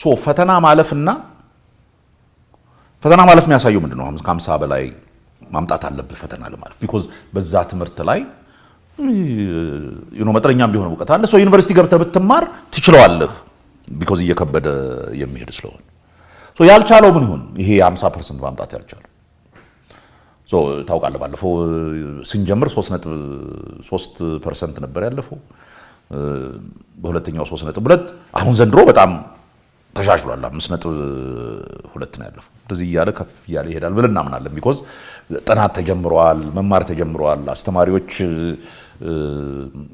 ሶ ፈተና ማለፍና ፈተና ማለፍ የሚያሳየው ምንድን ነው? ከሀምሳ በላይ ማምጣት አለብህ ፈተና ለማለፍ። ቢኮዝ በዛ ትምህርት ላይ መጠነኛም ቢሆን እውቀት አለ። ዩኒቨርሲቲ ገብተህ ብትማር ትችለዋለህ፣ ቢኮዝ እየከበደ የሚሄድ ስለሆነ። ያልቻለው ምን ይሁን? ይሄ 50 ፐርሰንት ማምጣት ያልቻለው ታውቃለህ። ባለፈው ስንጀምር 3 ፐርሰንት ነበር ያለፈው፣ በሁለተኛው 3 ነጥብ ሁለት አሁን ዘንድሮ በጣም ተሻሽሏል። አምስት ነጥብ ሁለት ነው ያለፈው። እንደዚህ እያለ ከፍ እያለ ይሄዳል ብለን እናምናለን። ቢኮዝ ጥናት ተጀምረዋል፣ መማር ተጀምረዋል። አስተማሪዎች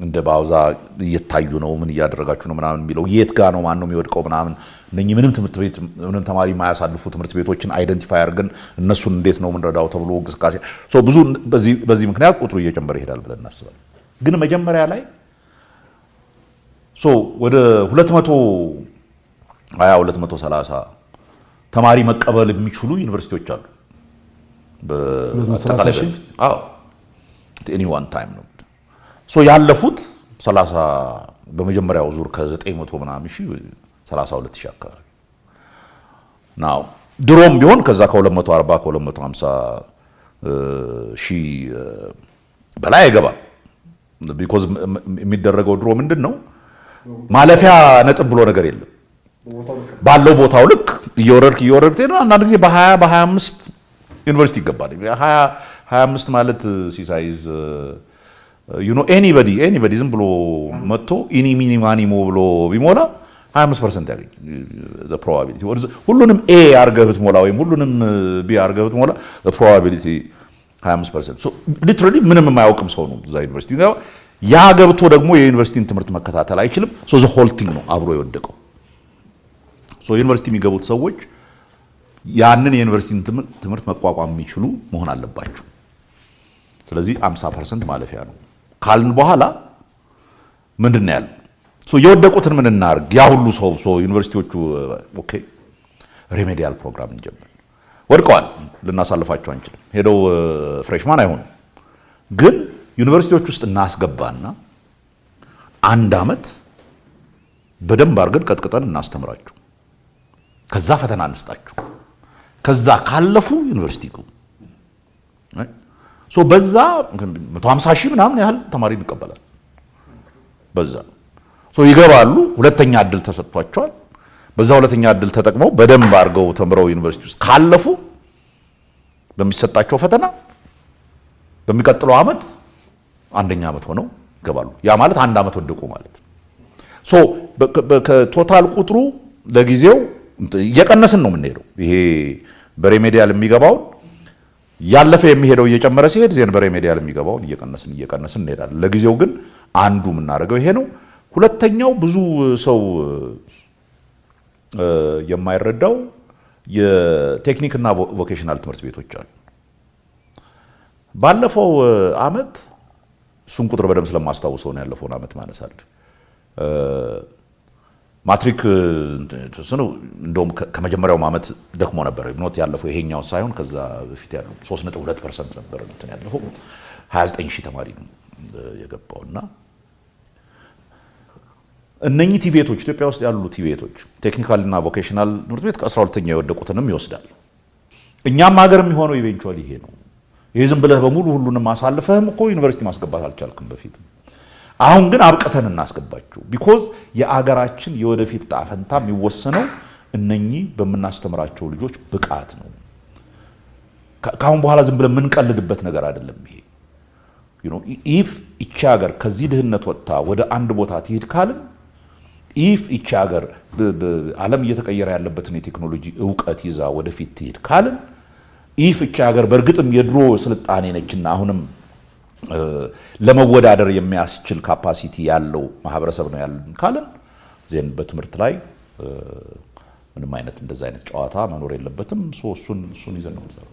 እንደ ባውዛ እየታዩ ነው። ምን እያደረጋችሁ ነው ምናምን የሚለው የት ጋ ነው ማን ነው የሚወድቀው ምናምን እነኚህ ምንም ትምህርት ቤት ምንም ተማሪ የማያሳልፉ ትምህርት ቤቶችን አይደንቲፋይ አድርገን እነሱን እንዴት ነው ምንረዳው ተብሎ እንቅስቃሴ ብዙ በዚህ ምክንያት ቁጥሩ እየጨመረ ይሄዳል ብለን እናስባለን። ግን መጀመሪያ ላይ ወደ ሁለት መቶ ሰላሳ ተማሪ መቀበል የሚችሉ ዩኒቨርሲቲዎች አሉ። ዋን ታይም ነው ያለፉት በመጀመሪያው ዙር ከ900 ምናምን ሺህ 32 ሺህ አካባቢ ናው ድሮም ቢሆን ከዛ ከ240 ከ250 ሺህ በላይ አይገባም። ቢኮዝ የሚደረገው ድሮ ምንድን ነው ማለፊያ ነጥብ ብሎ ነገር የለም። ባለው ቦታው ልክ እየወረድክ እየወረድክ ትሄድ። አንዳንድ ጊዜ በሀያ በ25 ዩኒቨርሲቲ ይገባል። 25 ማለት ሲሳይዝ ኤኒበዲ ኤኒበዲ ዝም ብሎ መጥቶ ኢኒ ሚኒ ማኒሞ ብሎ ቢሞላ 25 ፐርሰንት ያገኝ ፕሮባቢሊቲ ሁሉንም ኤ አድርገህ ብትሞላ ወይም ሁሉንም ቢ አድርገህ ብትሞላ ፕሮባቢሊቲ 25 ፐርሰንት ሊትራሊ ምንም የማያውቅም ሰው ነው እዛ ዩኒቨርሲቲ ያ ገብቶ ደግሞ የዩኒቨርሲቲን ትምህርት መከታተል አይችልም። ሶ ዘ ሆልቲንግ ነው አብሮ የወደቀው። ዩኒቨርሲቲ የሚገቡት ሰዎች ያንን የዩኒቨርሲቲ ትምህርት መቋቋም የሚችሉ መሆን አለባቸው። ስለዚህ 50 ፐርሰንት ማለፊያ ነው ካልን በኋላ ምንድን ያለው የወደቁትን ምን እናርግ? ያ ሁሉ ሰው ዩኒቨርሲቲዎቹ ሬሜዲያል uh, ፕሮግራም እንጀምር። ወድቀዋል፣ ልናሳልፋቸው አንችልም። ሄደው ፍሬሽማን uh, አይሆኑም። ግን ዩኒቨርሲቲዎች ውስጥ እናስገባና አንድ አመት በደንብ አድርገን ቀጥቅጠን እናስተምራቸው። ከዛ ፈተና አንስጣችሁ፣ ከዛ ካለፉ ዩኒቨርሲቲ ግቡ። በዛ 150 ሺህ ምናምን ያህል ተማሪ ይቀበላል። በዛ ይገባሉ። ሁለተኛ እድል ተሰጥቷቸዋል። በዛ ሁለተኛ እድል ተጠቅመው በደንብ አድርገው ተምረው ዩኒቨርሲቲ ውስጥ ካለፉ በሚሰጣቸው ፈተና በሚቀጥለው ዓመት አንደኛ ዓመት ሆነው ይገባሉ። ያ ማለት አንድ ዓመት ወደቁ ማለት ነው። ቶታል ቁጥሩ ለጊዜው እየቀነስን ነው የምንሄደው። ይሄ በሬሜዲያል የሚገባውን ያለፈ የሚሄደው እየጨመረ ሲሄድ ዜን በሬሜዲያል የሚገባውን እየቀነስን እየቀነስን እንሄዳለን። ለጊዜው ግን አንዱ የምናደርገው ይሄ ነው። ሁለተኛው ብዙ ሰው የማይረዳው የቴክኒክና ቮኬሽናል ትምህርት ቤቶች አሉ። ባለፈው አመት እሱን ቁጥር በደንብ ስለማስታውሰው ነው ያለፈውን አመት ማነሳል ማትሪክ ተወሰኑ እንደውም ከመጀመሪያው ዓመት ደክሞ ነበር። ብኖት ያለፈው ይሄኛው ሳይሆን ከዛ በፊት ያለው 3.2 ፐርሰንት ነበር እንትን ያለፈው 29 ሺህ ተማሪ ነው የገባው እና እነኚህ ቲቤቶች ኢትዮጵያ ውስጥ ያሉ ቲቤቶች ቴክኒካል እና ቮኬሽናል ትምህርት ቤት ከ12ኛ የወደቁትንም ይወስዳል። እኛም ሀገር የሚሆነው ኢቬንቹዋሊ ይሄ ነው። ይህ ዝም ብለህ በሙሉ ሁሉንም አሳልፈህም እኮ ዩኒቨርሲቲ ማስገባት አልቻልክም በፊትም አሁን ግን አብቅተን እናስገባችሁ። ቢኮዝ የአገራችን የወደፊት ዕጣ ፈንታ የሚወሰነው እነኚህ በምናስተምራቸው ልጆች ብቃት ነው። ከአሁን በኋላ ዝም ብለን የምንቀልድበት ነገር አይደለም። ይሄ ኢፍ ይቺ ሀገር ከዚህ ድህነት ወጥታ ወደ አንድ ቦታ ትሄድ ካልን ኢፍ ይቺ ሀገር ዓለም እየተቀየረ ያለበትን የቴክኖሎጂ እውቀት ይዛ ወደፊት ትሄድ ካልን ኢፍ ይቺ ሀገር በእርግጥም የድሮ ስልጣኔ ነችና አሁንም ለመወዳደር የሚያስችል ካፓሲቲ ያለው ማህበረሰብ ነው ያለን ካለን ዜን በትምህርት ላይ ምንም አይነት እንደዛ አይነት ጨዋታ መኖር የለበትም። እሱን ይዘን ነው የምንሰራው።